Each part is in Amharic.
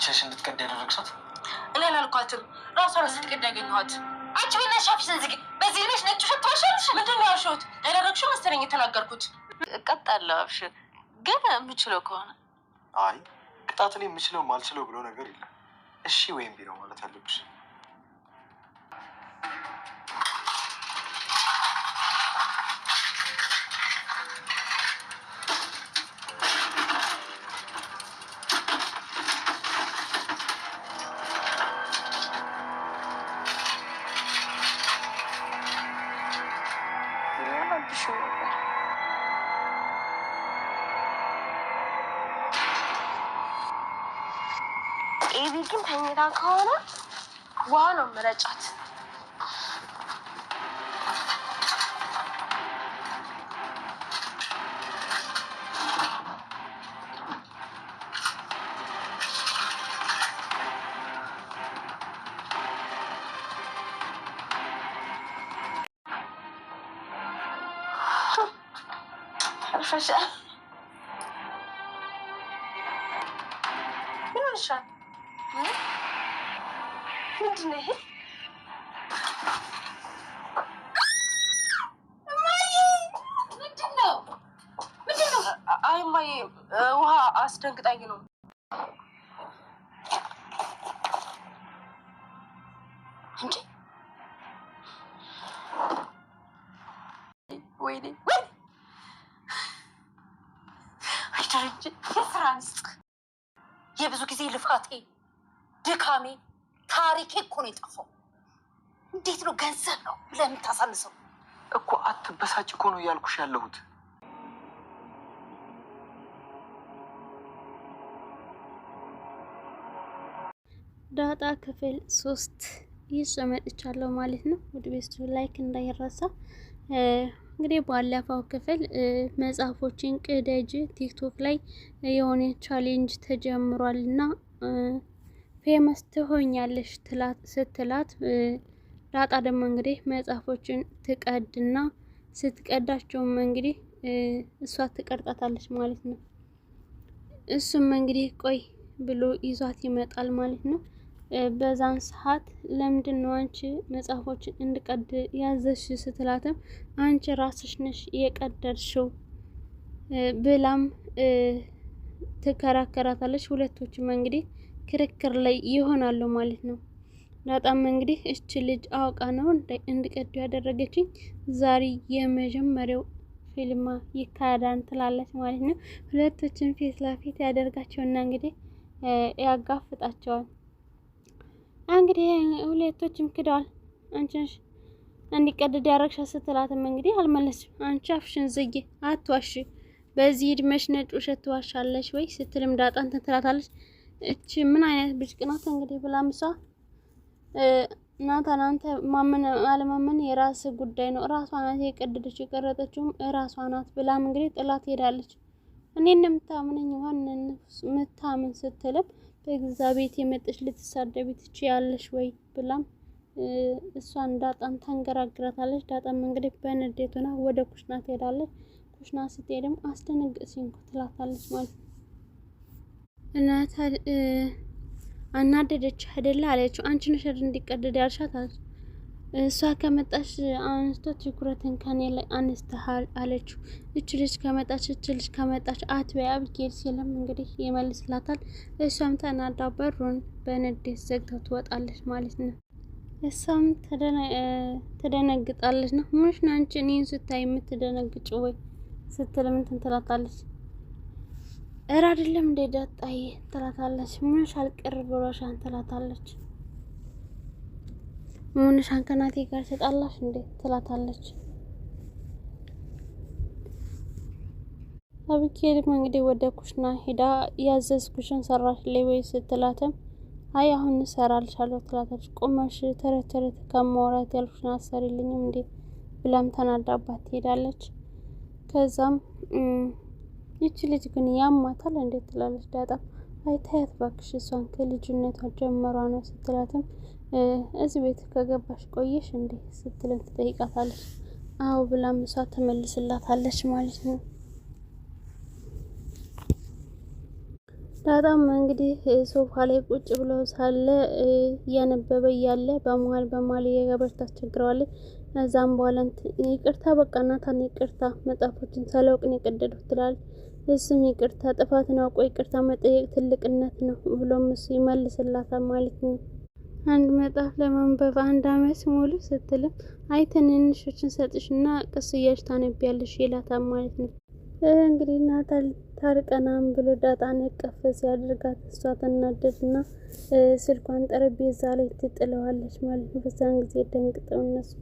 አንሸሽ እንድትቀድ ያደረግሻት? እኔ አላልኳትም፣ ራሷን ስትቀድ ያገኘኋት። አንቺ ቤና ሻፍሽን ዝጊ። በዚህ ልሽ ነጭ ሽት ዋሻልሽ። ምንድን ነው ያልሽሁት? ያደረግሽው መሰለኝ የተናገርኩት። እቀጣለሁ አብሽር፣ ግን የምችለው ከሆነ አይ ቅጣት እኔ የምችለው ማልችለው ብሎ ነገር የለም። እሺ ወይም ቢለው ማለት አለብሽ ግን ተኝታ ከሆነ ዋ ነው ምረጫት። ምን ሆነሻል? ምንድን ነው ይሄ? ውሃ አስደንግጣኝ ነው። እንዴ ወይኔ ድርጅት የስራ ንስቅ የብዙ ጊዜ ልፋቴ ድካሜ ታሪኬ እኮ ነው የጠፋው። እንዴት ነው ገንዘብ ነው ብለህ የምታሳንሰው? እኮ አትበሳጭ እኮ ነው እያልኩሽ ያለሁት። ዳጣ ክፍል ሶስት ይዤ መጥቻለሁ ማለት ነው። ውድ ቤተሰብ ላይክ እንዳይረሳ። እንግዲህ ባለፈው ክፍል መጽሐፎችን ቅደጅ ቲክቶክ ላይ የሆነ ቻሌንጅ ተጀምሯል እና ፌመስ ትሆኛለሽ ስትላት ዳጣ ደግሞ እንግዲህ መጽሐፎችን ትቀድና ስትቀዳቸውም እንግዲህ እሷ ትቀርጣታለች ማለት ነው። እሱም እንግዲህ ቆይ ብሎ ይዟት ይመጣል ማለት ነው። በዛን ሰዓት ለምንድን ነው አንቺ መጽሐፎችን እንድቀድ ያዘሽ ስትላትም አንቺ ራስሽ ነሽ የቀደድሽው ብላም ትከራከራታለች። ሁለቶችም እንግዲህ ክርክር ላይ ይሆናሉ ማለት ነው። በጣም እንግዲህ እች ልጅ አውቃ ነው እንድቀዱ ያደረገችኝ ዛሬ የመጀመሪያው ፊልማ ይካሄዳል ትላለች ማለት ነው። ሁለቶችን ፊት ለፊት ያደርጋቸውና እንግዲህ ያጋፍጣቸዋል። እንግዲህ ሁለቶችም ክደዋል። አንቺ እንዲቀደድ ያረግሻ ስትላትም እንግዲህ አልመለስም። አንቺ አፍሽን ዝጊ፣ አትዋሽ፣ በዚህ እድሜሽ ነጭ ውሸት ትዋሻለሽ ወይ ስትልም ዳጣን ትንትላታለች። እቺ ምን አይነት ብሽቅ ናት እንግዲህ ብላ ምሳ ናታን አንተ ማመን አለማመን የራስ ጉዳይ ነው፣ ራሷ ናት የቀደደች የቀረጠችውም ራሷ ናት ብላም እንግዲህ ጥላት ሄዳለች። እኔ እንደምታምነኝ ይሆን ምታምን ስትልም በግዛ ቤት የመጠች ልትሳደቢ ትችያለሽ ወይ ብላም እሷን ዳጣን ተንገራግራታለች። ዳጣም እንግዲህ በንዴት ሆና ወደ ኩሽና ትሄዳለች። ኩሽና ስትሄድም አስደነግጥ ሲንኩ ትላታለች ማለት ነው። እናት አናደደች አይደለ አለችው። አንቺ ነሽ እንዲቀደድ ያልሻት አለች። እሷ ከመጣች አንስቶ ትኩረትን ከኔ ላይ አንስተሃል አለችው። እች ልጅ ከመጣች እች ልጅ ከመጣች አትበይ አብጌል ሲልም እንግዲህ ይመልስላታል። እሷም ተናዳ በሩን በንዴት ዘግታ ትወጣለች ማለት ነው። እሷም ትደነግጣለች ነው ምንሽ ነው አንቺ እኔን ስታይ የምትደነግጭ ወይ ስትልም ትንትላታለች። እረ አይደለም እንደ ዳጣዬ ትላታለች። ምንሽ አልቅር ብሎሻን ትላታለች። ምንሻን ከናቴ ጋር ተጣላሽ እንዴ ትላታለች። አብኬልም እንግዲህ ወደ ኩሽና ሄዳ ያዘዝኩሽን ሰራሽ ወይ ስትላትም አይ አሁን እሰራልሻለሁ ትላታለች። ቁመሽ ተረት ተረት ከማውራት ያልኩሽን አሰሪልኝም እንዴ ብላም ተናዳባት ትሄዳለች። ከዛም ይቺ ልጅ ግን ያማታል እንዴት ትላለች ዳጣ። አይታያት ባክሽ እሷን ከልጅነቷ ጀመሯ ነው ስትላትም እዚህ ቤት ከገባሽ ቆየሽ እንዴ ስትልም ትጠይቃታለች። አዎ ብላም እሷ ትመልስላታለች ማለት ነው። ዳጣም እንግዲህ ሶፋ ላይ ቁጭ ብሎ ሳለ እያነበበ እያለ በመሀል በመሀል እየገባች ታስቸግረዋለች። እዛም በኋላ ይቅርታ በቃ ናታን ይቅርታ መጽሐፎችን ሳላውቅ ነው የቀደድኩት ትላለች። እሱም ይቅርታ ጥፋት ነው አውቆ ይቅርታ መጠየቅ ትልቅነት ነው ብሎም እሱ ይመልስላታል ማለት ነው። አንድ መጽሐፍ ለማንበብ አንድ አመት ሙሉ ስትልም አይ ትንንሾችን ሰጥሽና ቅስ እያልሽ ታነቢያለሽ ይላታል ማለት ነው። እንግዲህ ናታል ታርቀናም ብሎ ዳጣን እቅፍ ሲያደርጋት እሷ ትናደድና ስልኳን ጠረጴዛ ላይ ትጥለዋለች ማለት ነው። በዛን ጊዜ ደንግጠው እነሱ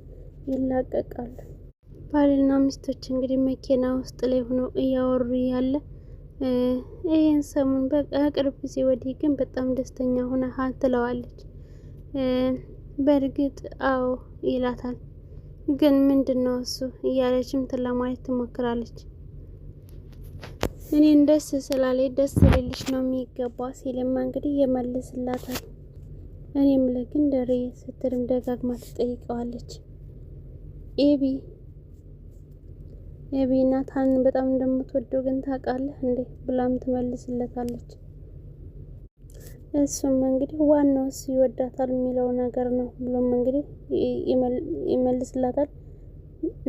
ይላቀቃሉ። ባልና ሚስቶች እንግዲህ መኪና ውስጥ ላይ ሆኖ እያወሩ ያለ ይህን ሰሙን በቅርብ ጊዜ ወዲህ ግን በጣም ደስተኛ ሆነሃል ትለዋለች። በእርግጥ አዎ ይላታል። ግን ምንድን ነው እሱ እያለችም ትለማለት ትሞክራለች። እኔን ደስ ስላለኝ ደስ ሌልሽ ነው የሚገባ ሲልማ እንግዲህ የመልስላታል። እኔም ለግን ደሬ ስትልም ደጋግማ ትጠይቀዋለች ኤቢ የቤ እናት በጣም እንደምትወደው ግን ታውቃለህ እንዴ ብላም ትመልስለታለች። እሱም እንግዲህ ዋናውስ ይወዳታል የሚለው ነገር ነው ብሎም እንግዲህ ይመልስላታል።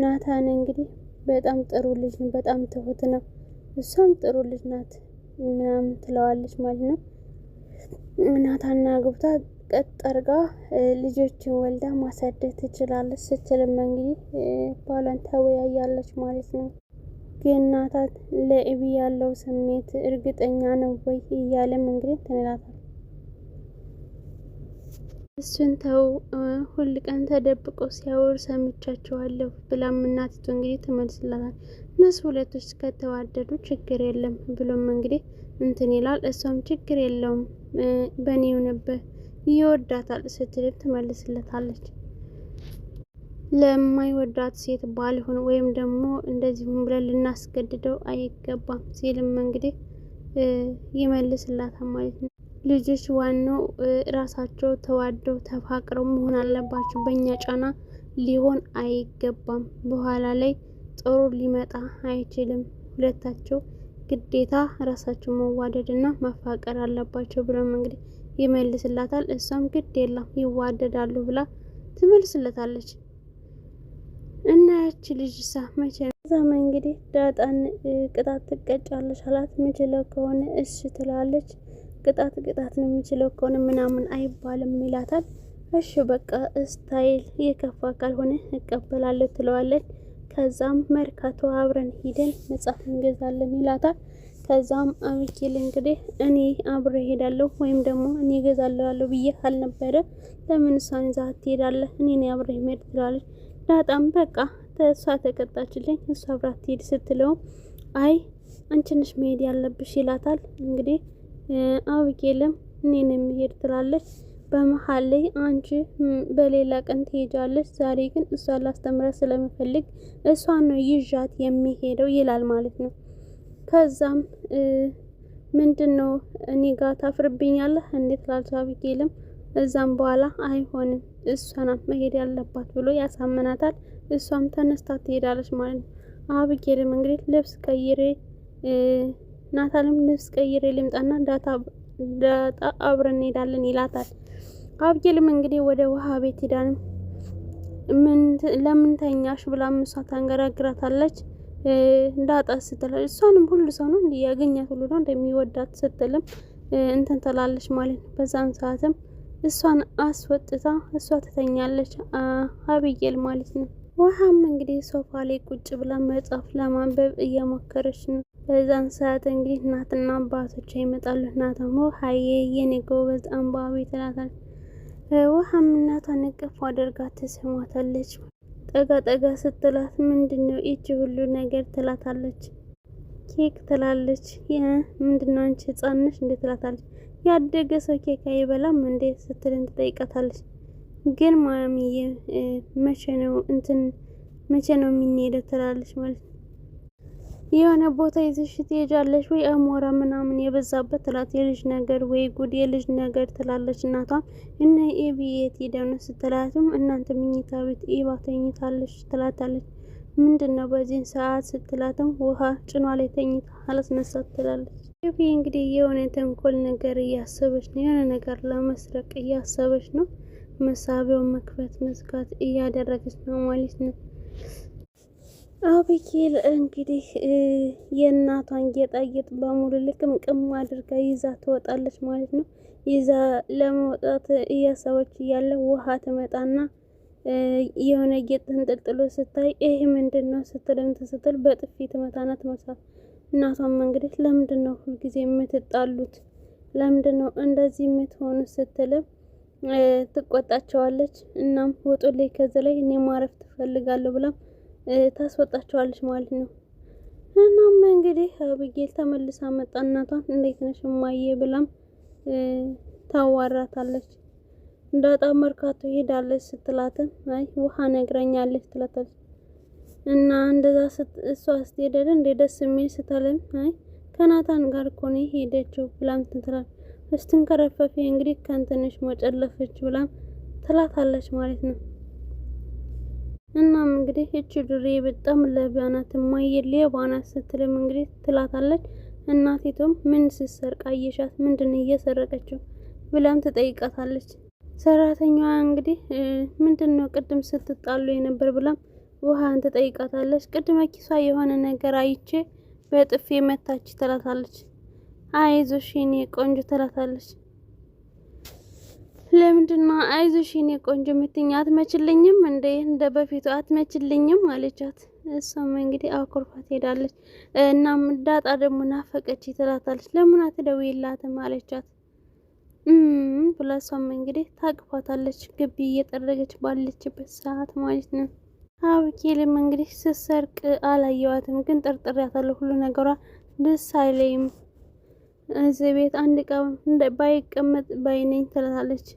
ናታን እንግዲህ በጣም ጥሩ ልጅ ነው፣ በጣም ትሁት ነው፣ እሷም ጥሩ ልጅ ናት ምናምን ትለዋለች ማለት ነው ናታና ግብታ ቀጥ አርጋ ልጆችን ወልዳ ማሳደግ ትችላለች ስትልም እንግዲህ ባሏን ተወያያለች ማለት ነው። ግናታት ናታን ለኤቢ ያለው ስሜት እርግጠኛ ነው ወይ እያለም እንግዲህ ትንላታል። እሱን ተው ሁል ቀን ተደብቆ ሲያወር ሰምቻቸዋለሁ ብላም እናቲቱ እንግዲህ ትመልስላታል። እነሱ ሁለቶች ከተዋደዱ ችግር የለም ብሎም እንግዲህ እንትን ይላል። እሷም ችግር የለውም በእኔው ነበር ይወዳታል ስትልም ትመልስለታለች። ለማይወዳት ሴት ባል ሆኖ ወይም ደግሞ እንደዚሁም ብለን ልናስገድደው አይገባም ሲልም እንግዲህ ይመልስላታል ማለት ነው። ልጆች ዋናው ራሳቸው ተዋደው ተፋቅረው መሆን አለባቸው። በእኛ ጫና ሊሆን አይገባም። በኋላ ላይ ጥሩ ሊመጣ አይችልም። ሁለታቸው ግዴታ ራሳቸው መዋደድ እና መፋቀር አለባቸው ብሎም እንግዲህ ይመልስላታል። እሷም ግድ የለም ይዋደዳሉ ብላ ትመልስለታለች። እና ያች ልጅ ሳ መቼ ዛም እንግዲህ ዳጣን ቅጣት ትቀጫለች አላት። ምችለው ከሆነ እሺ ትላለች። ቅጣት ቅጣት ነው የምችለው ከሆነ ምናምን አይባልም ይላታል። እሺ በቃ ስታይል የከፋ ካልሆነ እቀበላለሁ ትለዋለች። ከዛም መርካቶ አብረን ሂደን መጽሐፍ እንገዛለን ይላታል። ከዛም አብኬል እንግዲህ እኔ አብሬ ሄዳለሁ ወይም ደግሞ እኔ እገዛለሁ ያለው ብዬ አልነበረ ለምን እሷን ይዛት ትሄዳለህ? እኔ ነኝ አብሬ መሄድ ትላለች። ዳጣም በቃ እሷ ተቀጣችልኝ እሷ አብራት ትሄድ ስትለው አይ አንችንሽ መሄድ ያለብሽ ይላታል። እንግዲህ አብኬልም እኔ ነው የምሄድ ትላለች። በመሀል ላይ አንቺ በሌላ ቀን ትሄጃለች፣ ዛሬ ግን እሷን ላስተምረ ስለምፈልግ እሷን ነው ይዣት የሚሄደው ይላል ማለት ነው። ከዛም ምንድን ነው እኔ ጋር ታፍርብኛለህ እንዴት ላልሳብጌልም እዛም በኋላ አይሆንም እሷ መሄድ ያለባት ብሎ ያሳምናታል። እሷም ተነስታ ትሄዳለች ማለት ነው። አብጌልም እንግዲህ ልብስ ቀይሬ ናታልም ልብስ ቀይሬ ልምጣና ዳጣ አብረን እንሄዳለን ይላታል። አብጌልም እንግዲህ ወደ ውሃ ቤት ሄዳንም ለምንተኛሽ ብላ ምሷ ታንገራግራታለች። እንዳጣ ስትል እሷንም ሁሉ ሰው ነው እንዲያገኛት ሁሉ ነው እንደሚወዳት ስትልም እንትን ትላለች ማለት ነው። በዛም ሰዓትም እሷን አስወጥታ እሷ ትተኛለች አብየል ማለት ነው። ውሃም እንግዲህ ሶፋ ላይ ቁጭ ብላ መጽሐፍ ለማንበብ እየሞከረች ነው። በዛን ሰዓት እንግዲህ እናትና አባቶች ይመጣሉ። እናታሞ ሀዬ የኔ ጎበዝ አንባቢ ትላታለች። ውሃም እናቷን እቅፍ አድርጋ ትስማታለች። ጠጋ ጠጋ ስትላት ምንድን ነው ይቺ ሁሉ ነገር ትላታለች። ኬክ ትላለች። ምንድን ነው አንቺ ህጻን ነሽ እንዴ ትላታለች። ያደገ ሰው ኬክ አይበላም እንዴ ስትልን ትጠይቃታለች። ግን ማሚዬ መቼ ነው እንትን መቼ ነው የምንሄደው ትላለች ማለት ነው። የሆነ ቦታ ይዘሽ ትሄጃለሽ ወይ አሞራ ምናምን የበዛበት ትላት የልጅ ነገር ወይ ጉድ የልጅ ነገር ትላለች እናቷም። እነ ኤቢ የት ሄደው ነው ስትላትም እናንተ ምኝታ ቤት ኤባ ተኝታለች ትላታለች። ምንድን ነው በዚህን ሰዓት ስትላትም ውሃ ጭኗ ላይ ተኝታ አላስነሳት ትላለች። ኤቢ እንግዲህ የሆነ ተንኮል ነገር እያሰበች ነው፣ የሆነ ነገር ለመስረቅ እያሰበች ነው። መሳቢያውን መክፈት መዝጋት እያደረገች ነው ማለት ነው። አብጌል እንግዲህ የእናቷን ጌጣጌጥ በሙሉ ልቅም ቅም አድርጋ ይዛ ትወጣለች ማለት ነው። ይዛ ለመውጣት እያሰበች እያለ ውሃ ትመጣና የሆነ ጌጥ ተንጠልጥሎ ስታይ ይህ ምንድን ነው ስትልም ስትል በጥፊ ትመታና ትመሳት። እናቷም እንግዲህ ለምንድን ነው ሁልጊዜ የምትጣሉት? ለምንድን ነው እንደዚህ የምትሆኑ? ስትልም ትቆጣቸዋለች። እናም ወጡ ላይ ከዚ ላይ እኔ ማረፍ ትፈልጋለሁ ብላም ታስወጣቸዋለች ማለት ነው። እናም እንግዲህ አብጌል ተመልሳ መጣ። እናቷን እንዴት ነሽ እማዬ ብላም ታዋራታለች። እንዳጣ መርካቶ ሄዳለች ስትላትም አይ ውሃ ነግረኛለች ትላታለች። እና እንደዛ እሷ ስትሄደል እንደ ደስ የሚል ስትልም አይ ከናታን ጋር እኮ ነው ሄደችው ብላም ትላለች። እስትንከረፈፊ እንግዲህ ከንትንሽ መጨለፈች ብላም ትላታለች ማለት ነው። እናም እንግዲህ እች ዱሬ በጣም ለባናት ማየሌ ባናት ስትልም እንግዲህ ትላታለች። እናቲቱም ምን ስትሰርቅ አየሻት? ምንድን እየሰረቀችው ብላም ትጠይቃታለች። ሰራተኛዋ እንግዲህ ምንድን ነው ቅድም ስትጣሉ የነበር ብላም ውሃን ትጠይቃታለች። ቅድመ ኪሷ የሆነ ነገር አይቼ በጥፌ መታች ትላታለች። አይዞሽ የኔ ቆንጆ ትላታለች። ለምንድና አይዞሽ የኔ ቆንጆ የምትይኝ አትመችልኝም እንደ እንደ በፊቱ አትመችልኝም አለቻት። እሷም እንግዲህ አኩርፋ ትሄዳለች። እናም ዳጣ ደግሞ ናፈቀች ትላታለች። ለምን አትደውይላትም አለቻት። ብላ እሷም እንግዲህ ታቅፋታለች። ግቢ እየጠረገች ባለችበት ሰዓት ማለት ነው። አብጌልም እንግዲህ ስትሰርቅ አላየዋትም፣ ግን ጠርጥሬያታለሁ። ሁሉ ነገሯ ደስ አይለይም። እዚህ ቤት አንድ እቃ ባይቀመጥ ባይነኝ ትላታለች።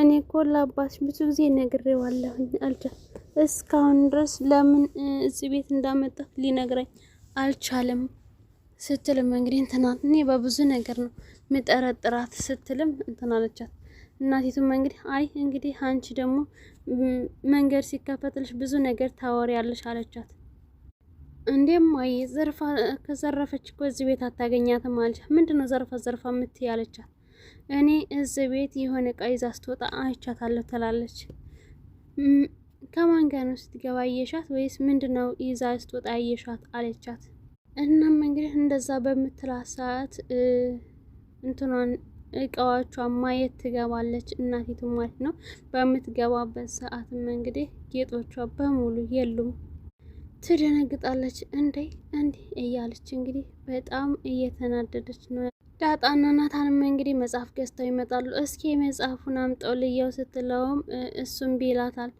እኔ እኮ ለአባትሽ ብዙ ጊዜ ነግሬዋለሁኝ አልቻ እስካሁን ድረስ ለምን እዚህ ቤት እንዳመጣ ሊነግረኝ አልቻለም ስትልም እንግዲህ እንትናት እኔ በብዙ ነገር ነው ምጠረጥራት ስትልም እንትናለቻት እናቲቱም እንግዲህ አይ እንግዲህ አንቺ ደግሞ መንገድ ሲከፈትልሽ ብዙ ነገር ታወሪያለሽ አለቻት። እንዴም አይ ዘርፋ ከዘረፈች እኮ እዚህ ቤት አታገኛትም አለቻት። ምንድነው ዘርፋ ዘርፋ ምት እኔ እዚ ቤት የሆነ እቃ ይዛ ስትወጣ አይቻታለሁ ትላለች። ከማን ጋር ነው ስትገባ አየሻት ወይስ ምንድን ነው ይዛ ስትወጣ አየሻት አለቻት። እናም እንግዲህ እንደዛ በምትላት ሰዓት እንትኗን እቃዎቿን ማየት ትገባለች፣ እናቲቱ ማለት ነው። በምትገባበት ሰዓትም እንግዲህ ጌጦቿ በሙሉ የሉም። ትደነግጣለች። እንዴ እንዲህ እያለች እንግዲህ በጣም እየተናደደች ነው። ዳጣና ናታንም እንግዲህ መጽሐፍ ገዝተው ይመጣሉ። እስኪ መጽሐፉን አምጠው ልየው ስትለውም እሱም ቢላታል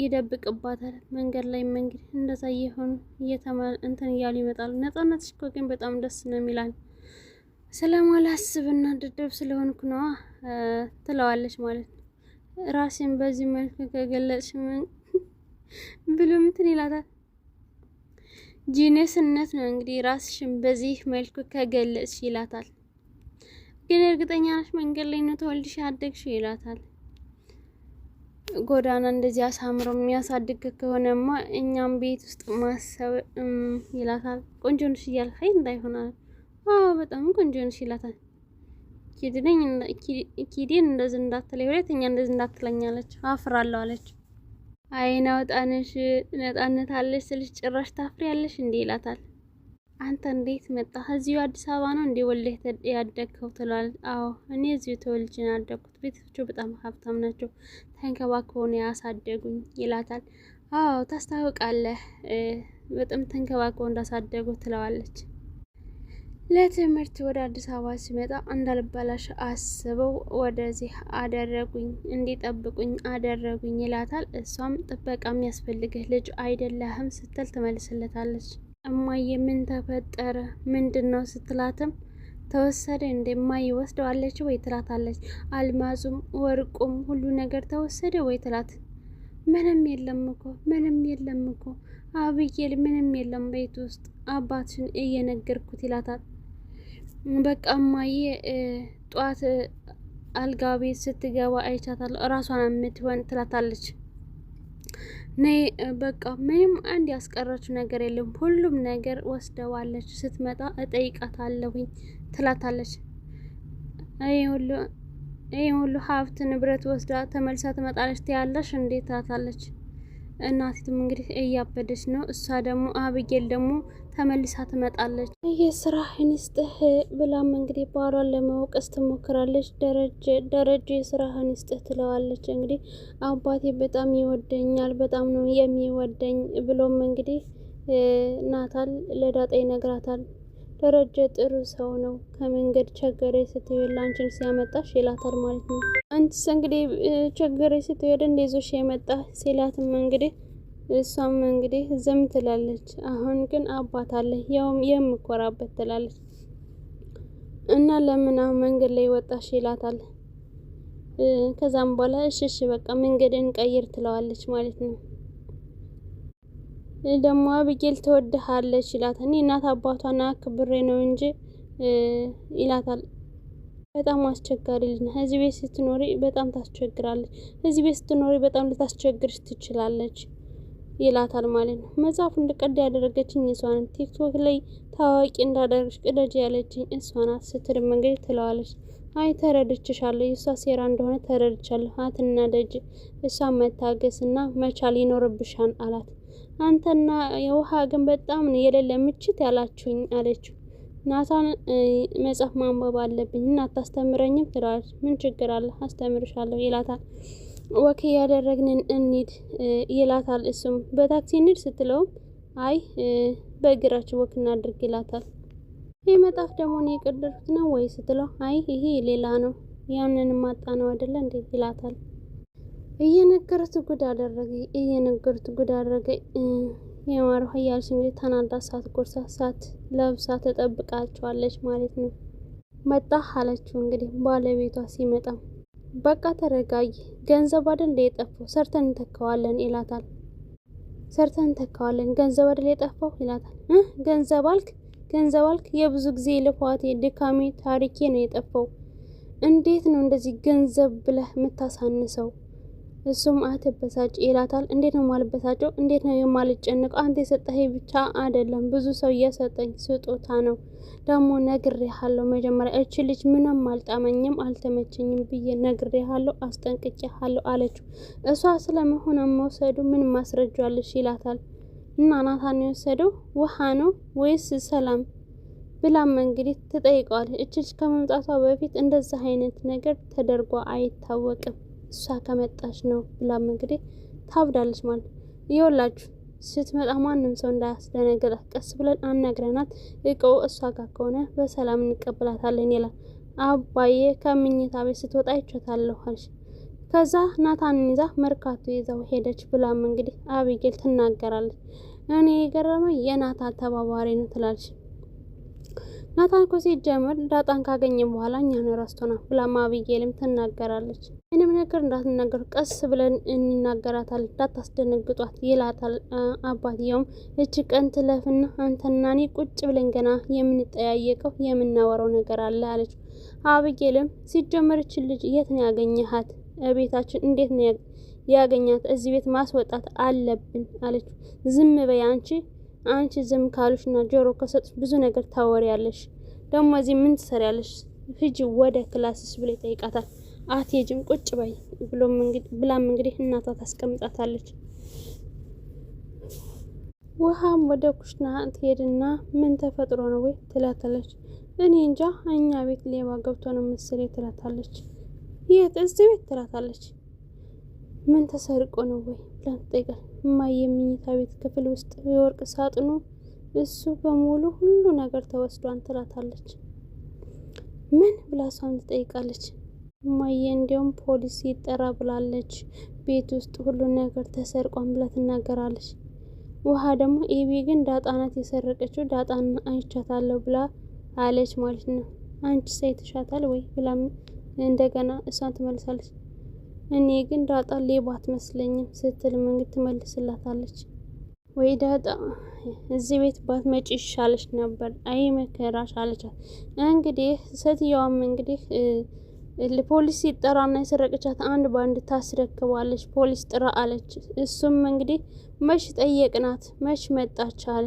ይደብቅባታል። መንገድ ላይ መንገድ እንደዛ እየሆኑ እንትን እያሉ ይመጣሉ። ነጻነት ሽኮ ግን በጣም ደስ ነው የሚላል። ስለማላስብና ድድብ ስለሆንኩ ነዋ ትለዋለች ማለት ነው። ራሴን በዚህ መልክ ከገለጽሽ ምን ብሎ ምትን ይላታል። ጂነስነት ነው እንግዲህ ራስሽን በዚህ መልኩ ከገለጽሽ ይላታል። ግን እርግጠኛ ነሽ መንገድ ላይ ነው ተወልድሽ ያደግሽ ይላታል። ጎዳና እንደዚህ አሳምሮ የሚያሳድግ ከሆነማ እኛም ቤት ውስጥ ማሰብ ይላታል። ቆንጆ ነሽ እያልከኝ እንዳይሆናል። አዎ በጣም ቆንጆ ነሽ ይላታል። ኪድነኝ ኪዲን እንደዚህ እንዳትለኝ ሁለተኛ እንደዚህ አለች። አፍራለሁ አለች። አይና ወጣንሽ ነጣነት አለሽ ስልሽ ጭራሽ ታፍሪ ያለሽ እንዴ ይላታል። አንተ እንዴት መጣ? እዚሁ አዲስ አበባ ነው እንዴ ወልደህ ያደግከው? ትለዋለች። አዎ እኔ እዚሁ ተወልጄ ነው ያደግኩት። ቤተሰቦቼ በጣም ሀብታም ናቸው፣ ተንከባክበው ነው ያሳደጉኝ ይላታል። አዎ ታስታውቃለህ፣ በጣም ተንከባክበው እንዳሳደጉ ትለዋለች። ለትምህርት ወደ አዲስ አበባ ሲመጣ እንዳልባላሽ አስበው ወደዚህ አደረጉኝ እንዲጠብቁኝ አደረጉኝ ይላታል። እሷም ጥበቃ የሚያስፈልግህ ልጅ አይደለህም ስትል ትመልስለታለች። እማዬ ምን ተፈጠረ ምንድን ነው ስትላትም ተወሰደ እንደማ ይወስደዋለች ወይ ትላታለች። አልማዙም ወርቁም ሁሉ ነገር ተወሰደ ወይ ትላት ምንም የለም እኮ ምንም የለም እኮ አብዬል ምንም የለም ቤት ውስጥ አባትሽን እየነገርኩት ይላታል። በቃ እማዬ ጠዋት አልጋ ቤት ስትገባ አይቻታለሁ እራሷን የምትሆን ትላታለች። ነይ በቃ ምንም አንድ ያስቀረችው ነገር የለም፣ ሁሉም ነገር ወስደዋለች። ስትመጣ እጠይቃታለሁኝ ትላታለች። ይህ ሁሉ ሀብት ንብረት ወስዳ ተመልሳ ትመጣለች ትያለሽ እንዴት? ትላታለች። እናቲቱም እንግዲህ እያበደች ነው። እሷ ደግሞ አብጌል ደግሞ ተመልሳ ትመጣለች። የስራ ህንስጥህ ብላም እንግዲህ ባሏን ለመውቀስ ትሞክራለች። ደረጀ የስራ ህንስጥህ ትለዋለች። እንግዲህ አባቴ በጣም ይወደኛል፣ በጣም ነው የሚወደኝ ብሎም እንግዲህ ናታል ለዳጣ ይነግራታል። ደረጀ ጥሩ ሰው ነው፣ ከመንገድ ቸገሬ ስትሄድ ላንቺን ሲያመጣሽ ይላታል ማለት ነው። አንቺስ እንግዲህ ቸገሬ ስትሄድ እንደዞሽ የመጣ ሲላትም እንግዲህ እሷም እንግዲህ ዝም ትላለች። አሁን ግን አባት አለ ያውም የምኮራበት ትላለች። እና ለምና መንገድ ላይ ወጣሽ ይላታል። ከዛም በኋላ እሽሽ በቃ መንገድን ቀይር ትለዋለች ማለት ነው። ደግሞ አብጌል ትወድሃለች ይላታል። እኔ እናት አባቷን አክብሬ ነው እንጂ ይላታል። በጣም አስቸጋሪ ልጅ ነህ። እዚህ ቤት ስትኖሪ በጣም ታስቸግራለች። እዚህ ቤት ስትኖሪ በጣም ልታስቸግርሽ ትችላለች። ይላታል ማለት ነው። መጽሐፉ እንድቀድ ያደረገችኝ እሷን ቲክቶክ ላይ ታዋቂ እንዳደረግሽ ቅደጅ ያለችኝ እሷናት ስትልም መንገድ ትለዋለች። አይ ተረድችሻለሁ፣ እሷ ሴራ እንደሆነ ተረድቻለሁ። አትናደጅ፣ እሷን መታገስና መቻል ይኖርብሻን አላት። አንተና የውሃ ግን በጣም ነው የሌለ ምችት ያላችሁኝ አለችው። ናታን መጽሐፍ ማንበብ አለብኝ እና አታስተምረኝም ትላለች። ምን ችግር አለ አስተምርሻለሁ ይላታል። ወክ ያደረግንን እንሂድ ይላታል። እሱም በታክሲ እንሂድ ስትለውም አይ በእግራችን ወክ እናድርግ ይላታል። ይህ መጣፍ ደግሞ እኔ የቀደድኩት ነው ወይ ስትለው አይ ይሄ ሌላ ነው ያንን ማጣ ነው አይደለ እንዴ ይላታል። እየነገርት ጉድ አደረገ እየነገርት ጉድ አደረገ የማርሁ እያለች እንግዲህ ተናዳ ሳት ጎርሳ ሳት ለብሳ ተጠብቃቸዋለች ማለት ነው። መጣ አለችው እንግዲህ ባለቤቷ ሲመጣ በቃ ተረጋይ፣ ገንዘብ አይደል የጠፋው ሰርተን እንተካዋለን ይላታል። ሰርተን እንተካዋለን ገንዘብ አይደል የጠፋው ይላታል። ገንዘብ አልክ ገንዘብ አልክ፣ የብዙ ጊዜ ልፋቴ፣ ድካሜ፣ ታሪኬ ነው የጠፋው። እንዴት ነው እንደዚህ ገንዘብ ብለህ የምታሳንሰው? እሱም አትበሳጭ ይላታል። እንዴት ነው የማልበሳጨው? እንዴት ነው የማልጨንቀው? አንተ የሰጠኸኝ ብቻ አይደለም ብዙ ሰው እየሰጠኝ ስጦታ ነው። ደግሞ ነግሬሃለሁ፣ መጀመሪያ እች ልጅ ምንም አልጣመኝም፣ አልተመቸኝም ብዬ ነግሬሃለሁ፣ አስጠንቅቄሃለሁ አለችው። እሷ ስለመሆነ መውሰዱ ምን ማስረጃለሽ? ይላታል። እና ናታን የወሰደው ውሃ ነው ወይስ ሰላም ብላም እንግዲህ ትጠይቀዋለች። እች ልጅ ከመምጣቷ በፊት እንደዚህ አይነት ነገር ተደርጎ አይታወቅም። እሷ ከመጣች ነው ብላም እንግዲህ ታብዳለች ማለት ነው። ይኸውላችሁ ስትመጣ ማንም ሰው እንዳያስደነግጣት ቀስ ብለን አናግረናት እቃው እሷ ጋር ከሆነ በሰላም እንቀበላታለን ይላል። አባዬ ከምኝታ ቤት ስትወጣ ይቸታለሁ አለች። ከዛ ናታንን ይዛ መርካቶ ይዛው ሄደች ብላም እንግዲህ አቢጌል ትናገራለች። እኔ የገረመ የናታ ተባባሪ ነው ትላለች። ናታን እኮ ሲጀምር ዳጣን ካገኘ በኋላ እኛን ራስቶና ብላ አቢጌልም ትናገራለች። ምንም ነገር እንዳትናገሩ ቀስ ብለን እንናገራታለን እንዳታስደነግጧት ይላታል። አባትየውም እች ቀን ትለፍና አንተና እኔ ቁጭ ብለን ገና የምንጠያየቀው የምናወራው ነገር አለ አለች። አቢጌልም ሲጀመርች እች ልጅ የት ነው ያገኘሃት? ቤታችን እንዴት ነው ያገኛት? እዚህ ቤት ማስወጣት አለብን አለች። ዝም በይ አንቺ አንቺ ዝም ካልሽ እና ጆሮ ከሰጡሽ ብዙ ነገር ታወሪያለሽ። ደግሞ እዚህ ምን ትሰሪያለሽ? ሂጂ ወደ ክላስስ ብሎ ይጠይቃታል። አትሄጂም ቁጭ በይ ብሎም እንግዲህ ብላም እንግዲህ እናቷ ታስቀምጣታለች። ውሃም ወደ ኩሽና ትሄድና ምን ተፈጥሮ ነው ወይ ትላታለች። እኔ እንጃ እኛ ቤት ሌባ ገብቶ ነው መሰለኝ ትላታለች። የት? እዚህ ቤት ትላታለች። ምን ተሰርቆ ነው ወይ ብላ ትጠይቃል። እማዬ የምኝታ ቤት ክፍል ውስጥ የወርቅ ሳጥኑ እሱ በሙሉ ሁሉ ነገር ተወስዷን ትላታለች። ምን ብላ እሷን ትጠይቃለች። እማዬ እንዲያውም ፖሊስ ይጠራ ብላለች። ቤት ውስጥ ሁሉ ነገር ተሰርቋን ብላ ትናገራለች። ውሃ ደግሞ ኤቢ ግን ዳጣናት የሰረቀችው ዳጣን አይቻታለሁ ብላ አለች ማለት ነው። አንቺ ሳይ ትሻታል ወይ ብላ እንደገና እሷን ትመልሳለች። እኔ ግን ዳጣ ሌባ አትመስለኝም ስትል መንገድ ትመልስላታለች። ወይ ዳጣ እዚህ ቤት ባትመጪ ይሻለሽ ነበር፣ አይ መከራሽ አለቻት። እንግዲህ ሴትየዋም እንግዲህ ፖሊስ ይጠራና የሰረቀቻት አንድ ባንድ ታስረክባለች። ፖሊስ ጥራ አለች። እሱም እንግዲህ መች ጠየቅናት መች መጣች አለ።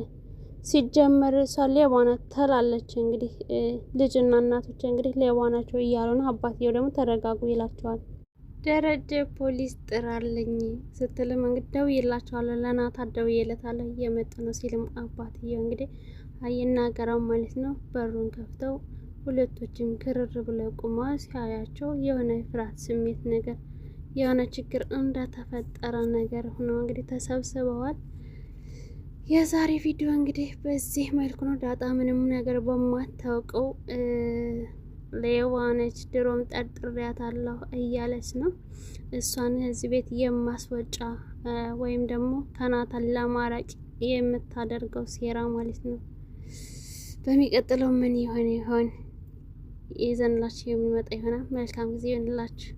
ሲጀመር እሷ ሌባ ናት ተላለች። እንግዲህ ልጅና እናቶች እንግዲህ ሌባ ናቸው እያሉ ነው። አባትየው ደግሞ ተረጋጉ ይላቸዋል። ደረጀ ፖሊስ ጥራለኝ ስትልም እንግዲህ ደውዬላቸዋለሁ፣ ለናታን ደውዬለታለሁ እየመጡ ነው ሲልም አባትየው እንግዲህ አይናገራም ማለት ነው። በሩን ከፍተው ሁለቶችም ክርር ብለው ቁመው ሲያያቸው የሆነ ፍርሃት ስሜት ነገር የሆነ ችግር እንደተፈጠረ ነገር ሆኖ እንግዲህ ተሰብስበዋል። የዛሬ ቪዲዮ እንግዲህ በዚህ መልኩ ነው። ዳጣ ምንም ነገር በማታውቀው ሌዋነች ድሮም ጠርጥሬያታለሁ እያለች ነው። እሷን እዚህ ቤት የማስወጫ ወይም ደግሞ ከናታን ለማራቅ የምታደርገው ሴራ ማለት ነው። በሚቀጥለው ምን ይሆን ይሆን ይዘንላችሁ የምንመጣ ይሆናል። መልካም ጊዜ ይሆንላችሁ።